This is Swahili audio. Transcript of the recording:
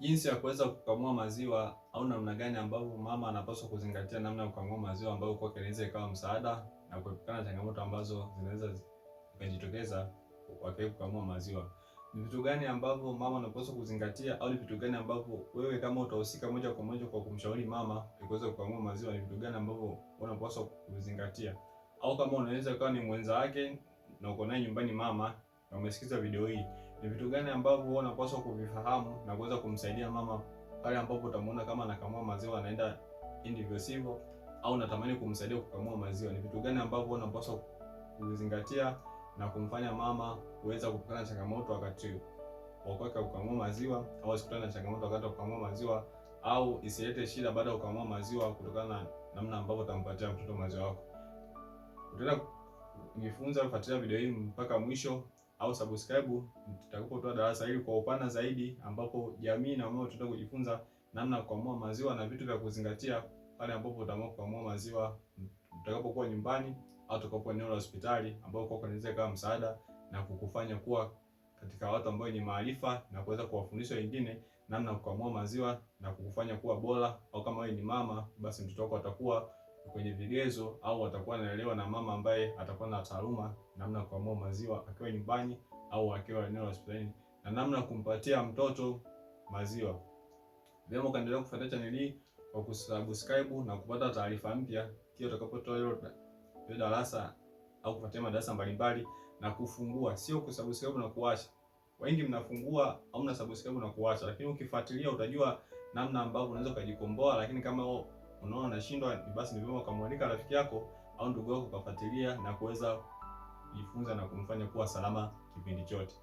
jinsi ya kuweza kukamua maziwa au namna gani ambavyo mama anapaswa kuzingatia namna ya kukamua maziwa ambayo kwa inaweza ikawa msaada na kuepukana changamoto ambazo zinaweza zikajitokeza wakati kukamua maziwa. Ni vitu gani ambavyo mama anapaswa kuzingatia au ni vitu gani ambavyo wewe kama utahusika moja kwa moja kwa kumshauri mama kuweza kukamua maziwa, ni vitu gani ambavyo unapaswa kuzingatia? Au kama unaweza kuwa ni mwenza wake na uko naye nyumbani mama na umesikiza video hii, ni vitu gani ambavyo unapaswa kuvifahamu na kuweza kumsaidia mama pale ambapo utamwona kama anakamua maziwa anaenda indivisivo au natamani kumsaidia kukamua maziwa, ni vitu gani ambavyo unapaswa kuzingatia na kumfanya mama kuweza kupata changamoto wakati wa wa kukamua maziwa au asikutane na changamoto wakati wa kukamua maziwa au isilete shida baada ya kukamua maziwa kutokana na namna ambavyo utampatia mtoto maziwa yako. Utaenda kujifunza, kufuatilia video hii mpaka mwisho au subscribe toa darasa hili kwa upana zaidi, ambapo jamii na wao tutaenda kujifunza namna ya kukamua maziwa na vitu vya kuzingatia pale ambapo utaamua kukamua maziwa utakapokuwa nyumbani au utakapokuwa eneo la hospitali, ambao kwa kunaweza kama msaada na kukufanya kuwa katika watu ambao wenye maarifa na kuweza kuwafundisha wengine namna ya kukamua maziwa na kukufanya kuwa bora, au kama wewe ni mama, basi mtoto wako atakuwa kwenye vigezo au watakuwa naelewa na mama ambaye atakuwa na taaluma namna kuamua maziwa akiwa nyumbani au akiwa eneo la hospitalini na namna kumpatia mtoto maziwa. Vyema, kaendelea kufuatilia channel hii kwa kusubscribe na kupata taarifa mpya kila utakapotoa hilo darasa au kufuatilia madarasa mbalimbali na kufungua, sio kusubscribe na kuacha. Wengi mnafungua au mnasubscribe na kuacha, lakini ukifuatilia utajua namna ambavyo unaweza kujikomboa, lakini kama unaona anashindwa, basi ni vyema ukamwalika rafiki yako au ndugu yako ukafuatilia na kuweza kujifunza na kumfanya kuwa salama kipindi chote.